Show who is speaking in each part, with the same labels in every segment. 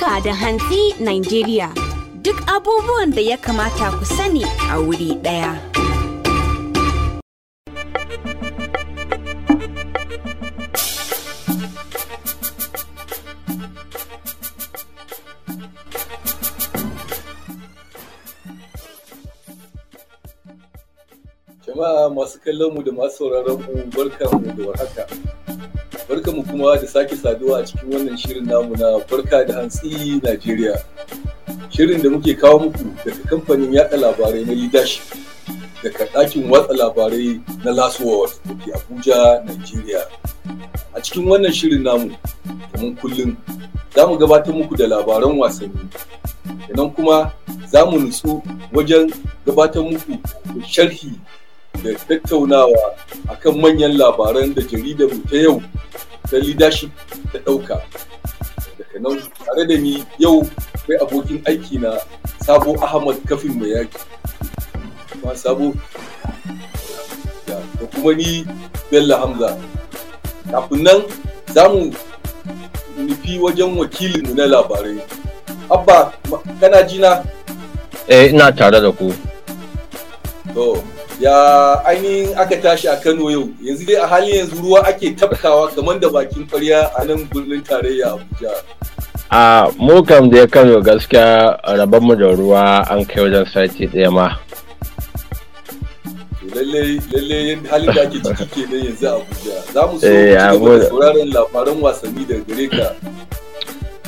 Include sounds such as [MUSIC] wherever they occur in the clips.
Speaker 1: Barka da hantsi Nigeria. Duk abubuwan da ya kamata ku sani a wuri ɗaya.
Speaker 2: Jama'a masu kallon mu da masu sauraron mu barkan mu da warhaka. barka mu kuma da sake saduwa a cikin wannan shirin namu na barka da hantsi Najeriya. Shirin da muke kawo muku daga kamfanin yada labarai na Leadership daga ɗakin watsa labarai na Last World da ke Abuja, Najeriya. A cikin wannan shirin namu, kamar kullum, za mu gabatar muku da labaran wasanni. Sannan kuma za mu nutsu wajen gabatar muku da sharhi da tattaunawa a kan manyan labaran da jaridar mu ta yau ta leadership ta ɗauka daga nan tare da ni yau kai abokin aiki na sabo ahmad kafin mai yaki kuma sabo da kuma ni bello hamza kafin nan za mu nufi wajen wakilinmu na labarai abba kana jina eh ina
Speaker 3: tare da ku
Speaker 2: ya ainihin aka tashi a Kano yau yanzu dai a halin yanzu ruwa ake tafkawa kamar da bakin kwarya a nan birnin tarayya Abuja.
Speaker 3: A mu kam da Kano gaskiya rabon mu da ruwa an kai wajen sati ɗaya ma.
Speaker 2: Lallai lallai halin da ake ciki ke nan yanzu Abuja. Za mu so eh, ci gaba da sauraron labaran wasanni daga gare ka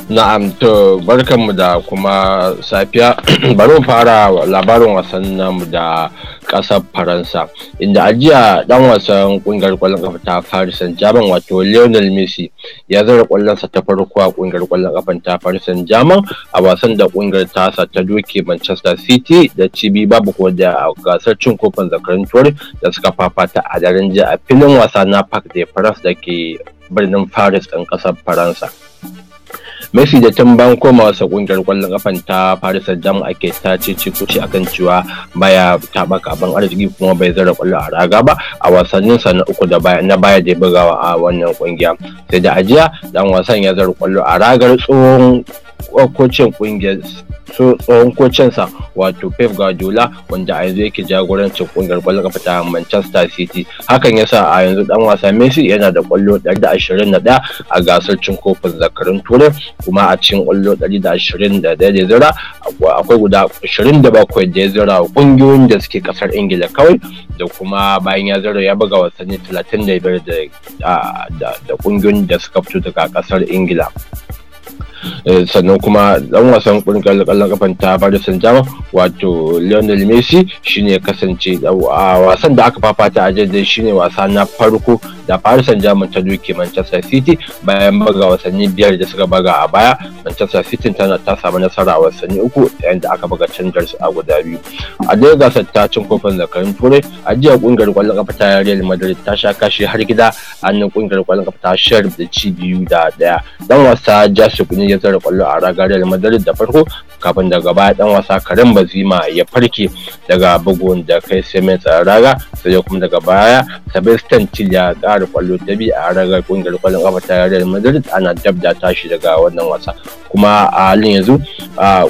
Speaker 3: Na'am to barkanmu da kuma safiya [CLEARS THROAT] bari mu fara labarin wasan namu da ƙasar Faransa inda ajiya dan wasan kungar ƙwallon kafa ta Paris Saint-Germain wato Lionel Messi ya zara sa ta farko a kungar ƙwallon kafa ta Paris Saint-Germain a wasan da ta tasa ta doke Manchester City da cibi babu ko da gasar cin kofin zakarin turai da suka fafata a daren jiya a filin wasa na Parc des Princes da ke birnin Paris ɗin ƙasar Faransa. Messi da tun koma wasa kungiyar kwallon kafan ta Paris Saint-Germain ake ta cece kuce akan cewa baya tabaka ban arziki kuma bai zara kwallo a raga ba a sa na uku da baya na baya da bugawa a wannan kungiya. Sai da ajiya dan wasan ya zara kwallo a ragar tsohon kocin kungiyar tsohon kocinsa wato Pep Guardiola wanda a yanzu yake jagorancin kungiyar kwallon kafa ta Manchester City hakan yasa a yanzu dan wasa Messi yana da kwallo 121 a gasar cin kofin zakarun Turai kuma a cikin kwallo 121 da ya zira akwai guda 27 da ya zira ƙungiyoyin da suke kasar ingila kawai da kuma bayan ya zira ya buga wasanni 35 da ƙungiyoyin da suka fito daga kasar ingila eh, sannan kuma dan wasan kungiyar kallon kafan ta Paris Saint-Germain wato Lionel Messi shine kasance a wasan da aka fafata a jaddai shine wasa na farko da Paris Saint-Germain ta duke Manchester City bayan buga wasanni biyar da suka buga a baya Manchester City tana ta samu nasara a wasanni uku yayin da aka buga su a guda biyu a dai gasar ta cin kofin zakarin turai a jiya kungiyar kwallon kafa ta Real Madrid ta sha kashi har gida a nan kungiyar kwallon kafa ta da ci biyu da daya dan wasa Jesse ne ya zara kwallo a ragar Real Madrid da farko kafin daga baya dan wasa Karim Bazima ya farke daga bugun da kai sai mai raga sai kuma daga baya Sebastian Till ya kare kwallo biyu a ragar kungiyar kwallon kafa ta Real Madrid ana da tashi daga wannan wasa kuma a halin yanzu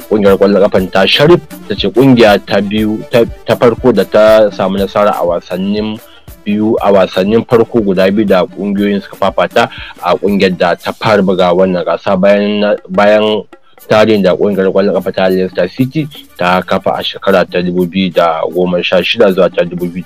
Speaker 3: kungiyar kwallon kafa ta Sharif ta ce kungiya ta biyu ta farko da ta samu nasara a wasannin biyu a wasannin farko guda biyu da kungiyoyin suka fafata a kungiyar da ta fara buga wannan gasa bayan tarihin da kungiyar kwallon kafa ta Leicester City ta kafa a shekara ta 2016 zuwa ta 2017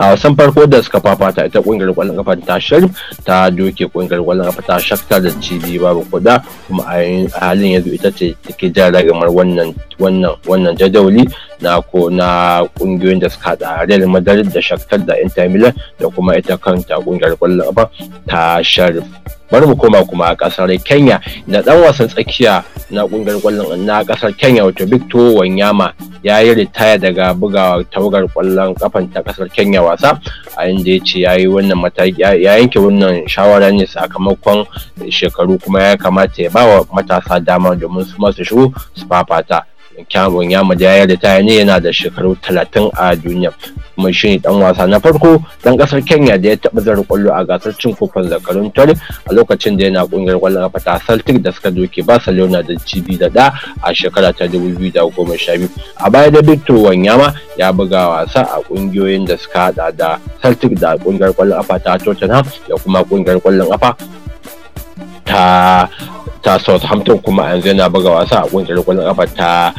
Speaker 3: a wasan farko da suka fafata ita kungiyar kwallon kafa ta sharf, ta doke kungiyar kwallon kafa ta shakta da cibi babu kuda kuma a halin yanzu ita ce take jan ragamar wannan wannan wannan jadawali na ko na kungiyoyin da suka da Real Madrid da Shakhtar da Inter Milan da kuma ita kanta kungiyar kwallon kafa ta sharif bari mu koma kuma a kasar kenya da dan wasan tsakiya na kungiyar kwallon na kasar kenya wato victor wanyama ya yi ritaya daga bugawa tawagar kwallon kafan ta kasar kenya wasa a inda ya ce ya yi wannan mataki ya yanke wannan shawara ne sakamakon shekaru kuma ya kamata ya ba wa matasa dama domin su masu shigo su fafata Cameron ya ya ritaya ne yana da shekaru 30 a duniya kuma shi ne dan wasa na farko dan kasar Kenya da ya taɓa zara kwallo a gasar cin kofin zakarun tori a lokacin da yana kungiyar kwallon kafa ta Celtic da suka doke Barcelona da cibi da da a shekara ta 2012 a baya da Victor Wanyama ya buga wasa a kungiyoyin da suka hada da Celtic da kungiyar kwallon kafa ta Tottenham da kuma kungiyar kwallon kafa ta ta Southampton kuma yanzu yana buga wasa a kungiyar kwallon kafa ta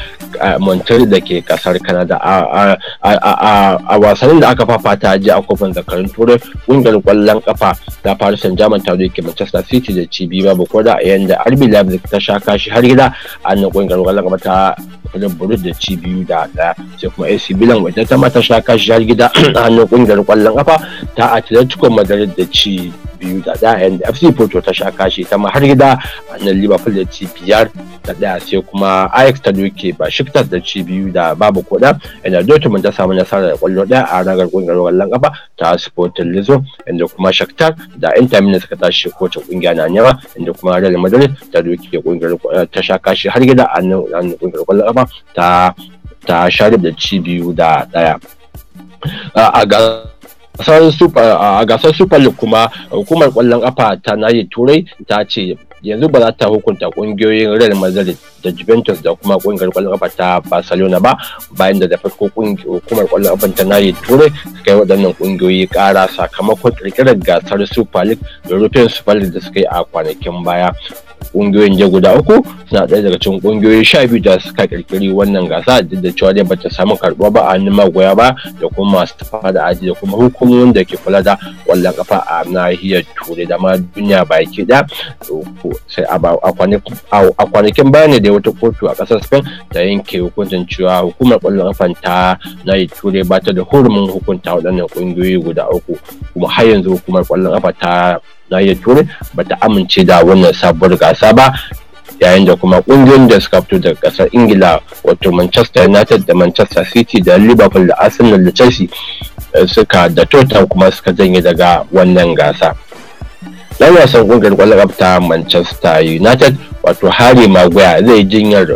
Speaker 3: Montreal da ke kasar Canada a wasannin da aka fafata ji a kofin zakarun turai kungiyar kwallon kafa ta Paris Saint-Germain ta doke Manchester City da Cibi babu ko a yayin da RB Leipzig ta sha kashi har gida a nan kungiyar kwallon kafa ta Club Brugge da ci biyu da ɗaya, sai kuma AC Milan wajen ta mata sha kashi har gida a hannun kungiyar kwallon kafa ta Atletico Madrid da ci biyu da ɗaya yayin da FC Porto ta sha kashi ta har gida a nan Liverpool da ci biyar da ɗaya sai kuma Ajax ta doke ba Shakhtar da ci biyu da babu koda inda Dortmund ta samu nasara da kwallo ɗaya a ragar ƙungiyar wallan ƙafa ta Sporting Lisbon inda kuma Shakhtar da Inter Milan suka tashi kowace ƙungiya na nema inda kuma Real Madrid ta doke ƙungiyar ta sha kashi har gida a nan ƙungiyar ƙwallon ƙafa ta ta share da ci biyu da ɗaya a ga a gasar super league kuma hukumar kwallon kafa ta nahiyar turai ta ce yanzu ba za ta hukunta kungiyoyin real madrid da juventus da kuma kungiyar kwallon kafa ta barcelona ba bayan da da farko hukumar kwallon kafa ta nayi turai suka yi waɗannan kungiyoyi kara sakamakon ƙirƙirar gasar super league da european super league da suka yi a kwanakin baya kungiyoyin da guda uku suna ɗaya daga cikin kungiyoyi sha biyu da suka kirkiri wannan gasa duk da cewa dai bata samu karɓuwa ba a hannun magoya ba da kuma masu tafa da aji da kuma hukumomin da ke kula da ƙwallon kafa a nahiyar turai da ma duniya baki ɗaya sai a kwanakin baya ne da wata kotu a ƙasar spain ta yanke hukuncin cewa hukumar ƙwallon kafan ta nahiyar turai bata da hurumin hukunta waɗannan kungiyoyi guda uku kuma har yanzu hukumar ƙwallon kafa ta nahiyar turai ta amince da wannan sabuwar gasa ba yayin da kuma kungiyoyin da suka fito daga kasar ingila wato manchester united da manchester city da liverpool da arsenal da chelsea eh, suka da total kuma suka janye daga wannan gasa dan wasan kungiyar kwallon kafa ta manchester united wato harry maguire zai jinyar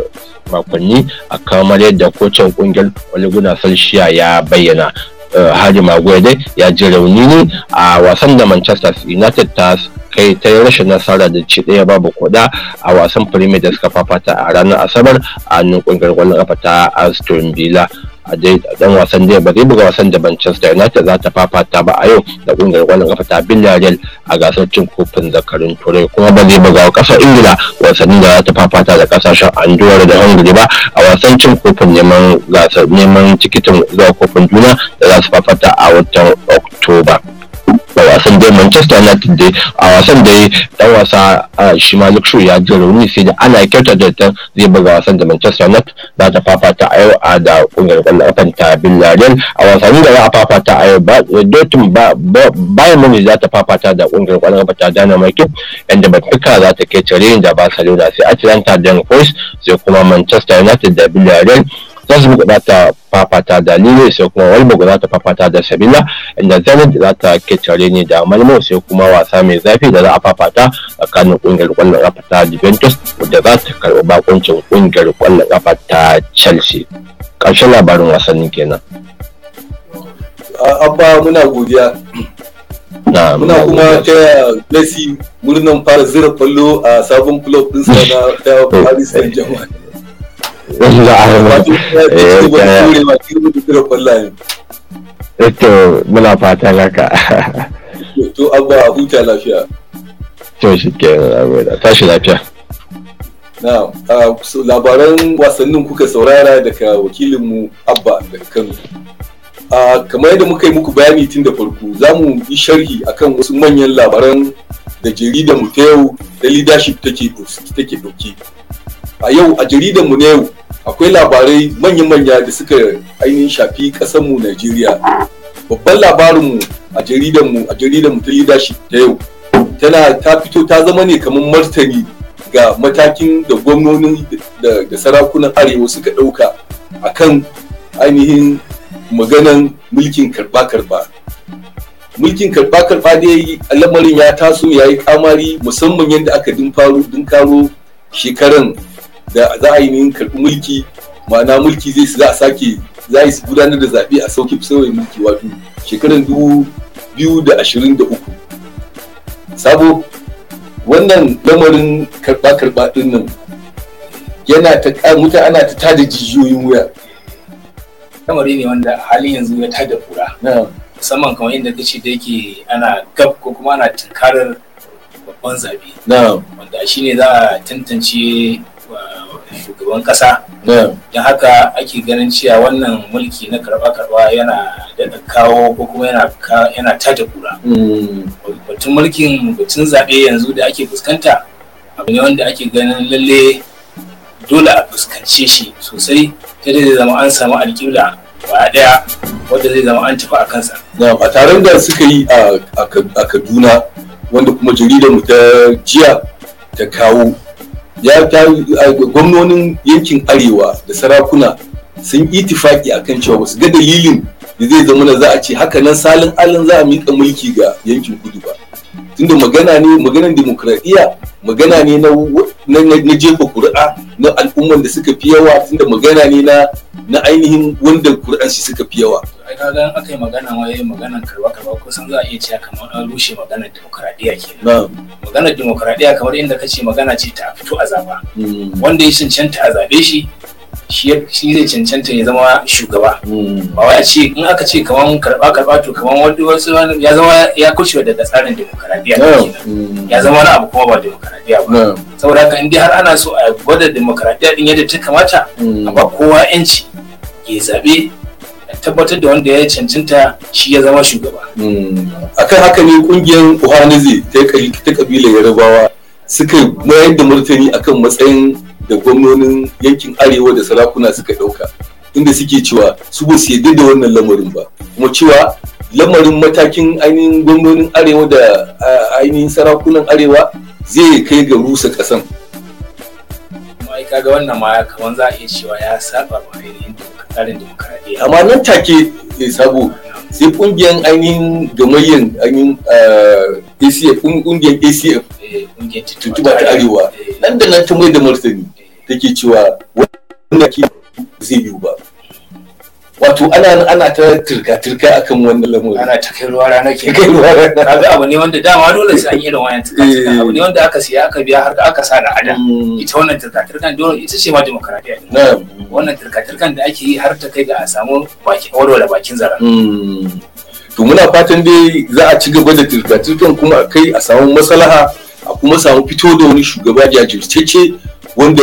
Speaker 3: makonni a kamar yadda kocin kungiyar wani guna solskjaer ya bayyana Eh, hajima dai, ya ji rauni ne a wasan da manchester united ta kai ta yi rashin nasara da ci ɗaya babu kuɗa a wasan premier da suka fafata a ranar asabar a hannun ƙungiyar ƙwallon ƙafa ta aston villa a dan wasan da ba zai buga wasan da Manchester United za ta fafata ba a yau da kungiyar kwallon kafa ta Villarreal a gasar cin kofin Zakarin Turai kuma ba zai buga kasar Ingila wasannin da za ta fafata da kasashen Andorra da Hungary ba a wasan cin kofin neman gasar neman tikitin zuwa kofin juna da za su fafata a watan Oktoba. wasan da manchester united dai a wasan da dan wasa shi ma luxury ya ji rauni sai da ana kyauta da ta zai buga wasan da manchester united za ta fafata a yau a da kungiyar kwallon kafan ta villarreal a wasanni da za a fafata a yau dortmund bayan muni za ta fafata da kungiyar kwallon kafan ta dynamite yadda benfica za ta kai tare da barcelona sai atlanta da force sai kuma manchester united da villarreal za buga ta fafata da lille sai kuma walburg za ta fafata da sabila inda zenit za ta ketare ne da malmo sai kuma wasa mai zafi da za a fafata tsakanin kungiyar kwallon kafa ta juventus da za ta karɓi bakuncin kungiyar kwallon kafa ta chelsea ƙarshen labarin wasannin kenan
Speaker 2: abba muna godiya muna kuma taya messi murnan fara zira kwallo a sabon club ɗinsa na [LAUGHS] paris saint
Speaker 3: germain to muna fatan haka
Speaker 2: to abba a huta lafiya
Speaker 3: to shi ke tashi lafiya
Speaker 2: na ah, labaran wasannin kuka saurara daga wakilinmu abba daga kano ah, kamar yadda muka yi muku bayani tun da farko za mu yi sharhi akan wasu manyan labaran da jaridar mu ta yau da leadership take ɗauke a yau a jaridanmu na yau akwai labarai manya-manya da suka ainihin shafi ƙasarmu Najeriya. Babban labarinmu a jaridanmu a jaridanmu ta leadership ta yau tana ta fito ta zama ne kamar martani ga matakin da gwamnoni da sarakunan arewa suka ɗauka a kan ainihin maganan mulkin karba-karba. Mulkin karba-karba yi lamarin ya taso ya yi kamari musamman yadda aka dinkaro shekaran da za a yi ne karɓi mulki ma'ana mulki zai za a sake za a gudanar da zaɓe a sauke sauyin mulki wato shekarar dubu biyu da ashirin da uku sabo wannan lamarin karɓa-karɓa ɗin nan yana ta mutane ana ta tada jijiyoyin wuya
Speaker 1: lamari ne wanda halin yanzu ya tada kura
Speaker 2: musamman kamar yadda
Speaker 1: ta ce da yake ana gab ko kuma ana tunkarar babban zaɓe wanda shine za a tantance shugaban kasa don haka ake ganin cewa wannan mulki na karba-karba yana daɗa kawo ko kuma yana tata kura mm. batun mulkin batun zaɓe yanzu da ake fuskanta abu ne wanda ake ganin lalle dole a fuskance shi sosai ta zai zama an samu alƙibla ba ɗaya wanda zai zama an tafi a kansa a taron da
Speaker 2: suka yi a kaduna wanda kuma jaridar mu ta jiya ta kawo ya ta gwamnonin yankin arewa da sarakuna sun itifaki kan cewa ba su ga dalilin da zai zama na za a ce haka nan salin alin za a miƙa mulki ga yankin kudu ba tunda magana ne maganar demokradiyya magana ne na jefa kuri'a na al'umman da suka fi yawa tunda magana ne na na ainihin wanda Qur'an shi suka fi yawa
Speaker 1: kaga aka yi magana waye yayin maganar karba karba kusan za a iya cewa kamar an rushe maganar demokradiya ke maganar demokradiya kamar inda kace magana ce ta fito a zaba mm. wanda ya cancanta a zabe shi shi zai cancanta ya zama shugaba mm. ba wai a ce in aka ce kamar karba karba to kamar wani wasu ya zama ya kushewa daga tsarin demokaradiyya mm. ya zama wani abu kuma ba demokaradiyya ba saboda haka in har ana so a gwada demokaradiyya din yadda ta kamata a ba kowa yanci ya zaɓe tabbatar da wanda ya cancanta shi ya zama shugaba.
Speaker 2: Hmm. akan haka ne kungiyar buhanizi ta kabilar yarabawa suka mayar da martani akan matsayin da gwamnonin yankin arewa da sarakuna suka ɗauka inda suke cewa su ba su yadda da wannan lamarin ba kuma cewa lamarin matakin ainihin gwamnonin arewa da ainihin sarakunan arewa zai kai ga rusa ƙasan.
Speaker 1: ma'aika ga wannan ma kaman za a iya cewa ya saba ma ainihin tsarin demokaradiyya amma nan
Speaker 2: take eh, sabo sai kungiyar ainihin gamayyar ainihin eh, acf kungiyar acf
Speaker 1: eh,
Speaker 2: ta arewa nan da nan ta mai da martani take cewa wanda ke zai yiwu ba wato ana ana ta turka turka akan wannan lamarin ana ta kai ruwa
Speaker 1: rana ke kai ruwa rana kaga abu ne wanda dama dole sai an yi da wayan turka eh. abu ne wanda aka siya aka biya har aka sa da ada mm. ita wannan turka turkan dole ita ce ma demokradiya ne wannan turka turkan da ake yi har ta kai ga a samu baki warware bakin zara
Speaker 2: mm. to muna fatan dai za a ci gaba da turka turkan kuma a kai a samu maslaha a kuma samu fito da wani shugaba jajirtacce wanda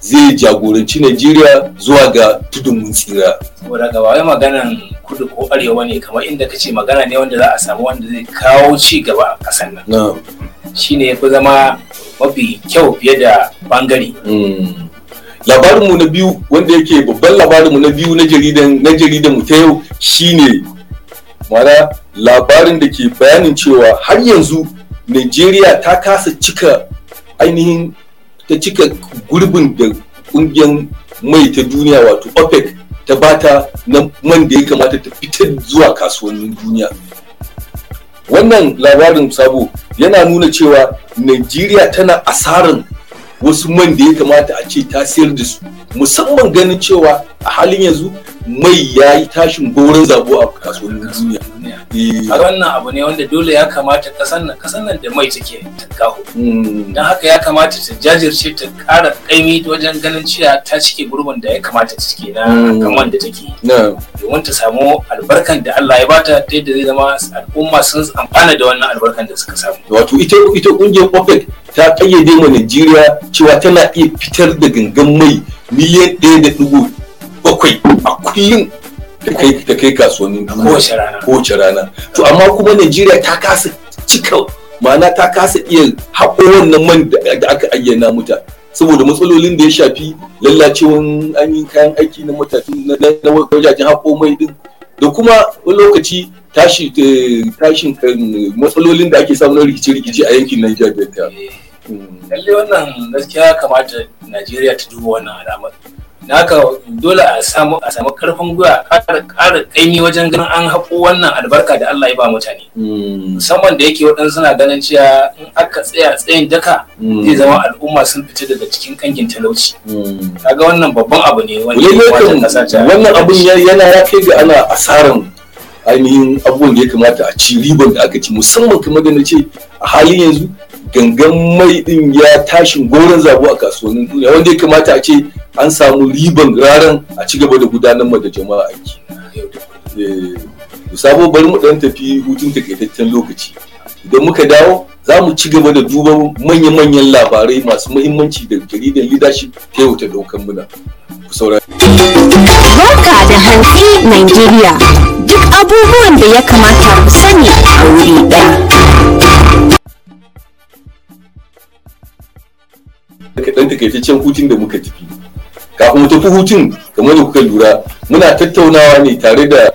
Speaker 2: zai jagoranci Najeriya zuwa ga tudun mun tsira.
Speaker 1: Saboda ga wai maganan kudu ko arewa ne kamar inda kace magana ne wanda za a samu wanda zai kawo ci gaba a ƙasar nan. Shi ne fi zama mafi
Speaker 2: kyau fiye da bangare. Hmm. Labarinmu na biyu wanda yake babban labarinmu na biyu na jaridan na jaridan mu ta yau shine mara labarin da ke bayanin cewa har yanzu Najeriya ta kasa cika ainihin ta cika gurbin da kungiyar mai ta duniya wato opec ta bata na man da ya kamata ta fitar zuwa kasuwannin duniya wannan labarin sabo yana nuna cewa najeriya tana asarin wasu man da ya kamata a ce ta sayar da su musamman ganin cewa a halin yanzu mai ya yi tashin goron zabo a kasuwar duniya. Eh. A wannan
Speaker 1: abu ne wanda dole ya kamata kasan nan kasan nan da mai take kawo.
Speaker 2: Hmm. Don
Speaker 1: haka ya kamata ta jajirce ta ƙara ƙaimi wajen ganin cewa ta cike gurbin da ya kamata ta cike na hmm. kaman da take.
Speaker 3: Domin
Speaker 1: ta samu albarkan da Allah ya bata ta yadda zai zama al'umma sun amfana da wannan albarkan da suka samu.
Speaker 2: Wato ita ita ƙungiyar OPEC ta kayyade ma Najeriya cewa tana iya fitar da gangan mai miliyan ɗaya da dubu bakwai a kullum da kai da kai kasuwanni kowace rana to amma kuma Najeriya ta kasa cika ma'ana ta kasa iya haƙo wannan man da aka ayyana muta saboda matsalolin da ya shafi lallacewan an yi kayan aiki na na wajajen haƙo mai din da kuma wani lokaci eh, tashin matsalolin da ake samun rikice rikici a yankin Niger eh.
Speaker 1: lalle wannan gaskiya kamata najeriya ta duba wannan alamar haka dole a samu a samu karfin gwiwa ƙara ƙaimi wajen ganin an haƙo wannan albarka da Allah ya ba mutane mm. musamman da yake waɗansu suna ganin cewa in aka tsaya tsayin daka mm. zai zama al'umma sun fita daga cikin kangin talauci mm. kaga wannan babban abu ne wanda wannan abun
Speaker 2: yana ya kai ga ana asaran ainihin abubuwan da ya kamata a ci riban da aka ci musamman kamar da na ce a halin yanzu gangan mai din ya tashin goron zabo a kasuwannin duniya wanda ya kamata a ce an samu riban raran a ci gaba da gudanar da jama'a aiki eh, sabo bari mu dan tafi hutun takaitaccen lokaci idan muka dawo za mu ci gaba da duba manya-manyan labarai masu muhimmanci da jaridar leadership ta yau ta daukan muna ku saurari
Speaker 1: barka da hantsi nigeria duk abubuwan da ya kamata ku sani a
Speaker 2: wuri ɗaya daga ɗan takaitaccen hutun da muka tafi kafin mu tafi hutun kamar da kuka lura muna tattaunawa ne tare da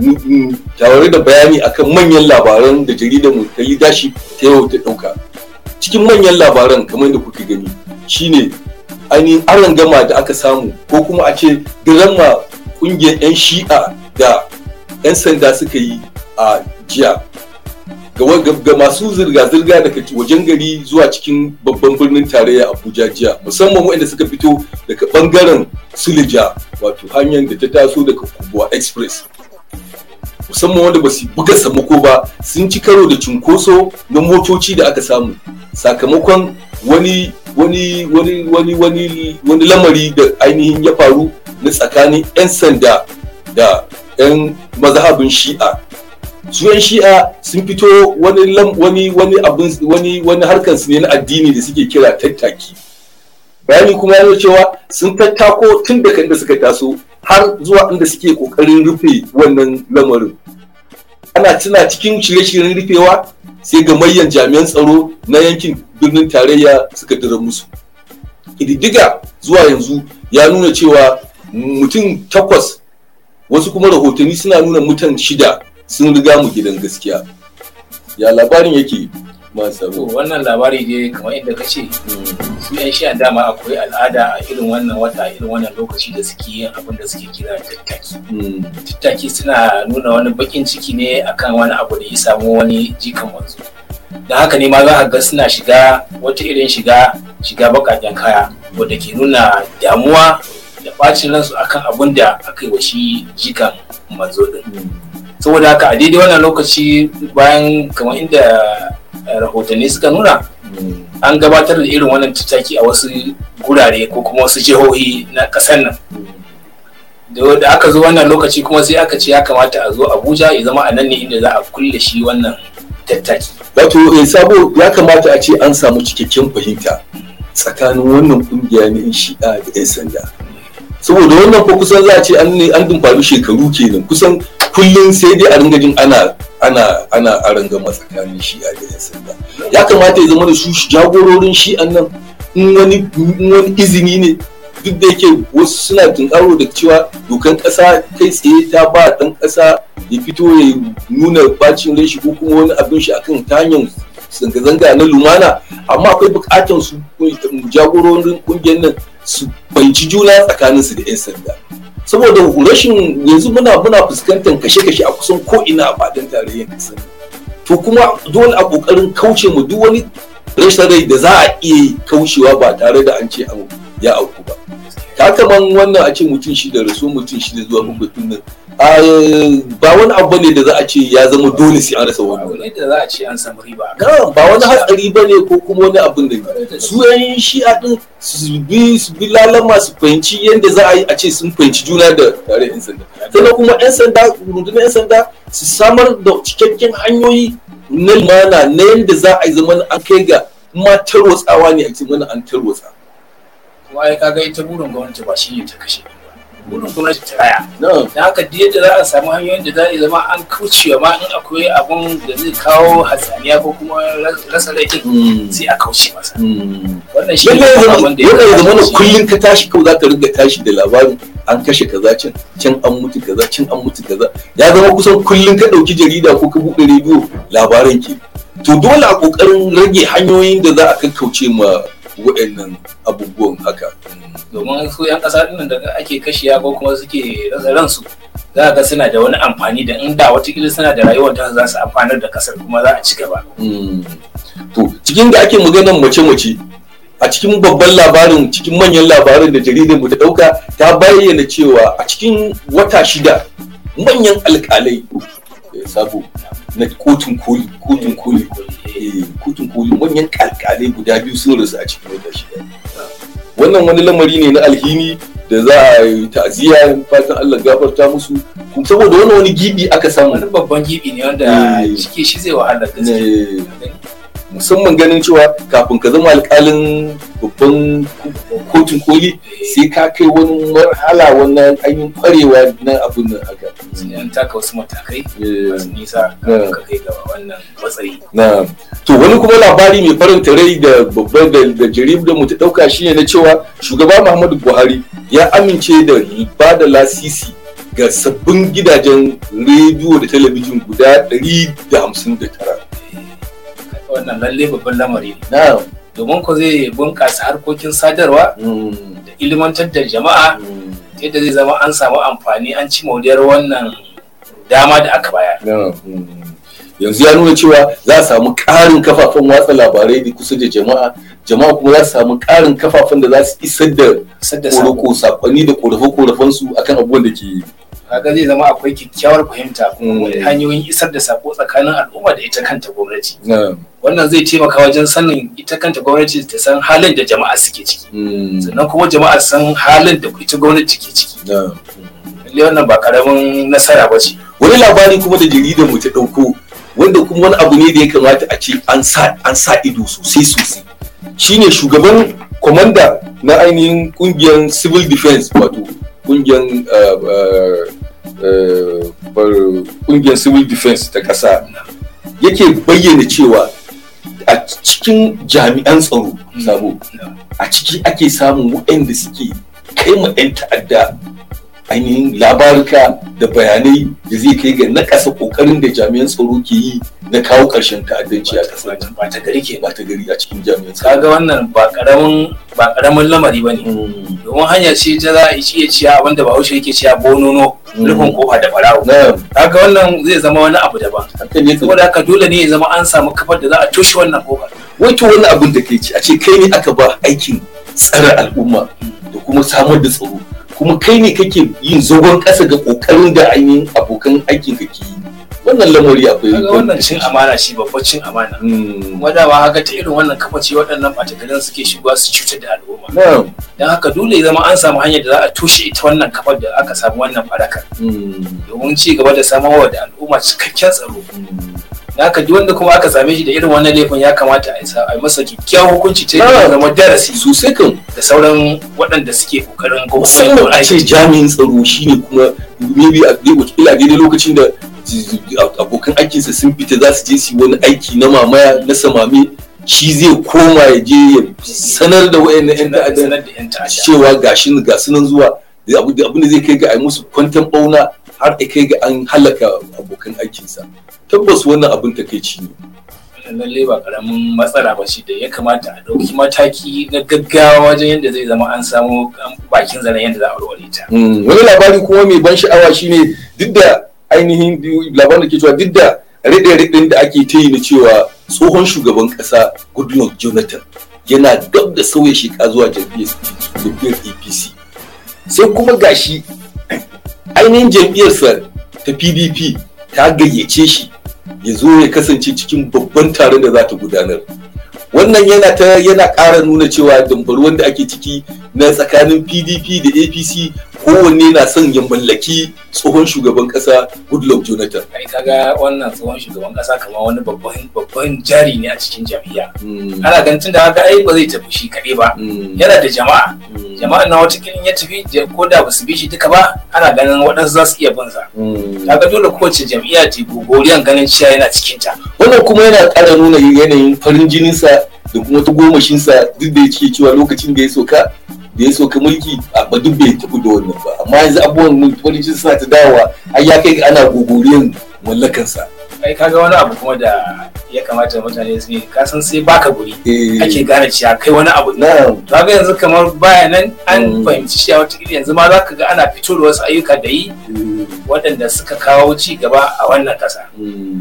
Speaker 2: mm, tare da bayani akan manyan labaran da jaridar mu ta dashi ta yau ta ɗauka cikin manyan labaran kamar da kuka gani shine ainihin aron gama da aka samu ko kuma a ce ma ƙungiyar 'yan shi'a da 'yan sanda suka yi a jiya ga masu zirga-zirga daga wajen gari zuwa cikin babban birnin tarayya abuja jiya musamman waɗanda suka fito daga ɓangaren sulija wato hanyar da ta taso daga kubuwa express musamman wanda basu buga samako ba sun ci karo da cunkoso na motoci da aka samu sakamakon wani wani wani wani wani wani lamari da ainihin ya faru na tsakanin 'yan sanda da 'yan mazhabin shi'a su yan shi'a sun fito wani wani wani abin wani wani harkar su ne na addini da suke kira tattaki bayani kuma ya cewa sun tattako tun da daga inda suka taso har zuwa inda suke kokarin rufe wannan lamarin ana tuna cikin shirye-shiryen rufewa sai ga gamayyan jami'an tsaro na yankin birnin tarayya suka dira musu ƙididdiga zuwa yanzu ya nuna cewa mutum takwas wasu kuma rahotanni suna nuna mutan shida sun riga mu gidan gaskiya ya labarin yake masu wannan
Speaker 1: labari ne kamar inda ka ce su yan shi dama akwai al'ada a irin wannan wata irin wannan lokaci da suke yin abin da suke kira tattaki hmm. tattaki suna nuna wani bakin ciki ne akan wani abu da ya samu wani jikan wanzu da haka ne ma za a ga suna shiga wata irin shiga shiga bakaken kaya wadda ke nuna damuwa da bacin ransu akan abin da aka yi wa shi jikan manzo din hmm. saboda haka a daidai wannan lokaci bayan kamar inda eh, rahotanni suka nuna mm. an gabatar da irin wannan tattaki a wasu gurare ko kuma wasu jihohi na kasar nan mm. da aka zo wannan lokaci kuma sai aka ce ya kamata a zo abuja ya zama a nan ne inda za a kulle shi wannan
Speaker 2: tattaki wato eh, sabo ya kamata a ce an samu cikakken fahimta tsakanin wannan kungiya na shi'a da 'yan sanda saboda wannan ko kusan za a ce an dumfari shekaru kenan kusan kullum sai dai a ringa jin ana ana ana a ranga matsakanin shi a gidan sanda ya kamata ya zama da su jagororin shi nan in wani wani izini ne duk da yake wasu suna tunkaro da cewa dokan kasa kai tsaye ta ba dan kasa ya fito ya nuna bacin rai shi ko kuma wani abin shi akan ta hanyar zanga-zanga na lumana amma akwai bukatar su jagororin kungiyar nan su banci juna tsakanin su da 'yan sanda saboda rashin yanzu muna muna fuskantar kashe-kashe a kusan ko ina a fadin tarayyar kasar to kuma dole a kokarin kauce mu duk wani rashin rai da za a iya kaucewa ba tare da an ce ya auku ba ta kaman wannan a ce mutum shi da rasu mutum shi da zuwa mutum nan ba wani abu ne da za a ce ya zama dole sai an rasa wani
Speaker 1: wani da za a ce an samu riba ba wani
Speaker 2: hatsari ba ne ko kuma wani abin da su yan shi'a din su bi su bi lalama su fahimci yadda za a yi a ce sun fahimci juna da tare yan sanda sannan kuma yan sanda rundunar yan sanda su samar da cikakken hanyoyi na mana na yadda za a yi zaman an kai ga ma tarwatsawa ne a cikin wani an tarwatsa.
Speaker 1: Wai kaga ita burin gwamnati ba shi ne ta kashe gudun gwamnati ta raya da haka da yadda za a samu hanyoyin da za a zama an kaucewa ma in akwai abun da zai kawo hatsaniya ko kuma rasa rai mm. sai a kauce masa mm. wannan shi ne abin da ya zama kullum
Speaker 2: ka tashi kawai za ka riga tashi da labarin an kashe kaza can can an mutu kaza can an mutu kaza ya zama kusan kullum ka ɗauki jarida ko ka buɗe rediyo labaran ke to dole a ƙoƙarin rage hanyoyin da za a kakkauce ma waɗannan abubuwan haka.
Speaker 1: Domin su 'yan ƙasa ɗin da ake kashiya ko kuma suke rasa ransu za ga suna da wani amfani da in da watakila suna da rayuwar ta za su amfanar da ƙasar kuma za a ci gaba.
Speaker 2: Hmm. To cikin da ake maganar mace-mace a cikin babban labarin cikin manyan labarin da jaridar mu ta ɗauka ta bayyana cewa a cikin wata shida manyan alƙalai eh, sabo na kotun koli kotun koli eh, kotun koli manyan kalkalai guda biyu sun rasu a cikin wannan wani lamari ne na alhini da za a yi ta'aziyya fatan Allah gafarta musu saboda wani wani gibi aka samu wani babban gibi ne wanda eh. ciki shi zai wahala gaske eh. musamman ganin cewa kafin ka zama alƙalin babban kotun koli sai ka kai wani marhala wannan hanyar kwarewa na abin nan aka
Speaker 1: yan taka wasu matakai eh. nisa ka kai ga wannan matsayi
Speaker 2: to wani kuma labari mai faranta rai da babban da jarir da mu ta dauka shine na cewa shugaba muhammadu buhari ya amince da ba da lasisi ga sabbin gidajen rediyo da talabijin guda 159
Speaker 1: wannan lalle babban lamari ne domin ko zai bunkasa harkokin sadarwa
Speaker 2: mm.
Speaker 1: da ilimantar da jama'a mm. yadda zai zama an samu amfani an ci maudiyar wannan dama da aka bayar
Speaker 2: hmm. yanzu ya nuna cewa za a samu ƙarin kafafen watsa labarai da kusa da jama'a jama'a kuma za su samu ƙarin kafafen da za su isar da koroko sakonni da korafe-korafen su akan abubuwan da ke
Speaker 1: kaga zai zama akwai kyakkyawar fahimta mm. hanyoyin isar da sako tsakanin al'umma da ita kanta gwamnati wannan zai taimaka wajen sanin ita kanta gwamnati ta san halin da jama'a suke ciki mm. sannan kuma jama'a san halin da ita gwamnati ke ciki lallai
Speaker 2: wannan ba karamin nasara ba ce wani labari kuma da jaridar mu ta dauko wanda kuma wani abu ne da ya kamata a ce an sa an sa ido sosai sosai shine shugaban komanda na ainihin kungiyar civil defense wato kungiyar eh, eh, ƙungiyar civil defense ta ƙasa yake bayyana cewa a cikin jami'an tsaro mm. sabo a ciki ake samun waɗanda suke kai ma 'yan ta'adda ainihin labaruka da bayanai da zai kai ga nakasa kokarin da jami'an tsaro ke yi na kawo ƙarshen ta'addanci a kasar nan ba ta gari ke ba ta gari a cikin jami'an tsaro kaga wannan ba karamin
Speaker 1: ba karamin lamari ba
Speaker 3: ne hmm. domin
Speaker 1: hanya ce ta za a iya ciya wanda ba haushe yake ciya bonono hmm. rufin kofa da farawo kaga wannan zai zama wani abu ba saboda haka dole ne ya zama an samu kafar da za a toshe wannan kofar wato wani abin da kai ci a ce kai ne aka ba aikin
Speaker 2: tsare al'umma da kuma samar da tsaro kuma kai ne kake yin zogon ƙasa ga ƙoƙarin da ainihin abokan aikin ka ke wannan lamari akwai wannan cin
Speaker 1: amana shi babban cin amana wanda hmm. ba haka ta irin wannan kafa waɗannan ɓatagalan suke shigowa su cutar da al'umma don haka dole zama an samu hanyar da za a toshe ita wannan kafar da aka samu wannan farakar hmm. domin ci gaba da samarwa da al'umma cikakken tsaro hmm. naka haka wanda kuma aka same shi da irin wannan laifin ya kamata a a masa kyakkyawan hukunci ce da zama darasi su sukan da sauran waɗanda suke kokarin gobe musamman a ce jami'in
Speaker 2: tsaro shine kuma maybe a daidai lokacin da abokan aikinsa sun fita za su je su wani aiki na mamaya na samami shi zai koma ya je ya sanar da wayannan yan ta'adda cewa gashi ga sunan zuwa abin zai kai ga yi musu kwantan bauna har a kai ga an halaka abokan aikinsa tabbas wannan abin takaici ne lallai ba karamin matsala ba shi da ya kamata a dauki mataki na
Speaker 1: gaggawa wajen yadda zai zama an samu bakin zana yadda za a warware ta.
Speaker 2: Hmm, wani labari kuma mai ban sha'awa shine duk da ainihin labarin da ke cewa duk da riɗe da ake ta yi na cewa tsohon shugaban ƙasa goodluck jonathan yana dab da sauya shekara zuwa jam'iyyar apc sai kuma gashi ainihin jam'iyyarsa ta pdp ta gayyace shi ya zo ya kasance cikin babban taron da za ta gudanar wannan yana ƙara nuna cewa dambar wanda ake ciki na tsakanin pdp da apc kowanne na son ya mallaki tsohon shugaban kasa goodluck jonathan
Speaker 1: ai kaga wannan tsohon shugaban kasa kama wani babban babban jari ne a cikin jam'iyya hmm. ana ganin da haka ai ba zai tafi shi kaɗai ba hmm. yana da jama'a hmm. jama'a na wata kilin ya tafi ko da basu bi shi duka ba ana ganin waɗansu za su iya bin sa kaga dole kowace jam'iyya ta gogoriyan ganin cewa yana cikin ta
Speaker 2: wannan kuma yana ƙara nuna yanayin farin jininsa da kuma ta gomashinsa duk da ya ce cewa lokacin da ya soka da ya soka mulki a duk bai tafi da wannan ba amma yanzu abubuwan mulki suna ta dawowa ai ya kai ana gogoriyan mallakansa
Speaker 1: ai kaga wani abu kuma da ya kamata mutane su ka san sai baka guri eh. ake gane cewa kai wani abu to ga yanzu kamar baya nan an mm. fahimci shi a wata yanzu ma zaka ga ana fito da wasu ayyuka da yi mm. waɗanda suka kawo ci gaba a wannan ƙasa mm.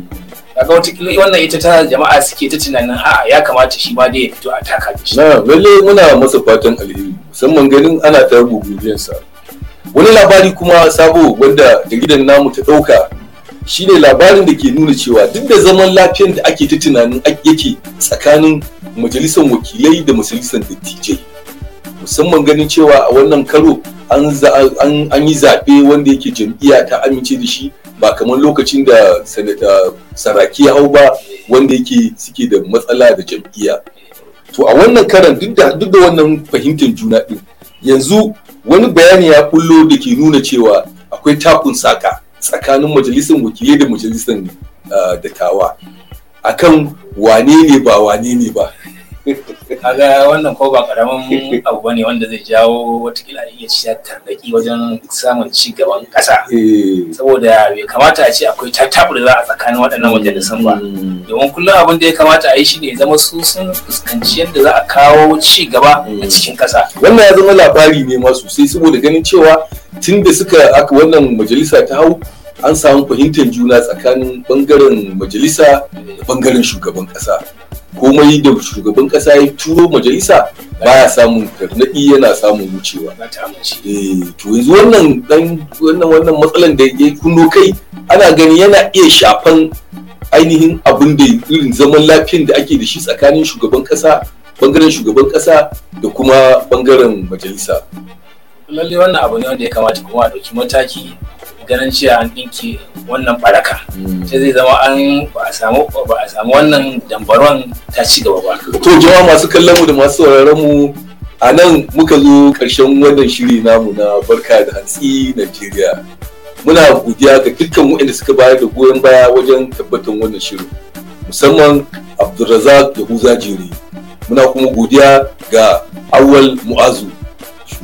Speaker 1: kaga wata wannan ita ta jama'a suke ta tunanin a ya kamata shi ma dai ya fito a taka shi na lalle muna
Speaker 2: masa fatan alheri musamman ganin ana ta sa wani labari kuma sabo wanda gidan namu ta ɗauka shine labarin da ke nuna cewa duk da zaman lafiyar da ake ta tunanin yake tsakanin majalisar wakilai da majalisar dattijai musamman ganin cewa a wannan karo an yi zaɓe wanda yake jam'iyya ta amince da shi ba kamar lokacin da saraki hau ba wanda yake suke da matsala da jam'iyya to a wannan karan duk da wannan fahimtar juna ɗin, yanzu wani bayani ya kullo da ke nuna cewa akwai takun saka tsakanin majalisar wakilai da majalisar ah, dattawa akan wane ne ba wane ne ba [LAUGHS] kaga wannan ko ba
Speaker 1: karamin abu bane wanda zai jawo wata watakila iya ciyar tarnaki wajen samun ci gaban kasa eh. saboda bai kamata a ce akwai za a tsakanin waɗannan majalisun ba mm. domin kullum abin da ya kamata a yi shine ya zama su sun fuskanci yadda za a kawo ci gaba a mm.
Speaker 2: cikin kasa wannan ya zama labari ne ma sosai saboda ganin cewa tun da suka aka wannan majalisa ta hau an samu fahimtar juna tsakanin bangaren majalisa da bangaren shugaban kasa komai da shugaban kasa ya turo majalisa ba ya samun karnadi yana samun wucewa eh, to yanzu wannan dan wannan wannan matsalan da ya kuno kai ana gani yana iya shafan ainihin abin da irin zaman lafiyan da ake da shi tsakanin shugaban kasa bangaren shugaban kasa da kuma bangaren majalisa
Speaker 1: lalle wannan abu ne wanda ya kamata kuma a ɗauki mataki daren cewa an ɗinke wannan baraka mm. sai zai zama an ba a
Speaker 2: samu wannan dambaron ta ci gaba ba to jama'a masu kallon mu da masu sauraron mu a nan muka zo ƙarshen wannan shiri namu na barka da hantsi Najeriya muna godiya ga dukkan waɗanda suka bayar da goyon baya wajen tabbatar wannan shirin musamman Abdulrazak da Huza Jere muna kuma godiya ga Awal Mu'azu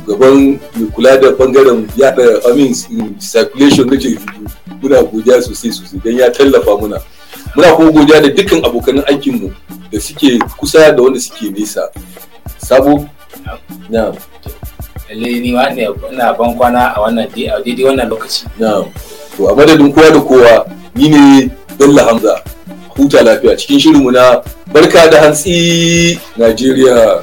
Speaker 2: shugaban mai kula da bangaren yada amin circulation nake muna godiya sosai sosai don ya tallafa muna muna kuma godiya da dukkan abokan aikinmu da suke kusa da wanda suke nesa sabo
Speaker 1: na lalle ni ne na ban kwana a wannan daidai wannan lokaci
Speaker 2: na to a madadin kowa da kowa ni ne bello hamza huta lafiya cikin shirinmu na barka da hantsi najeriya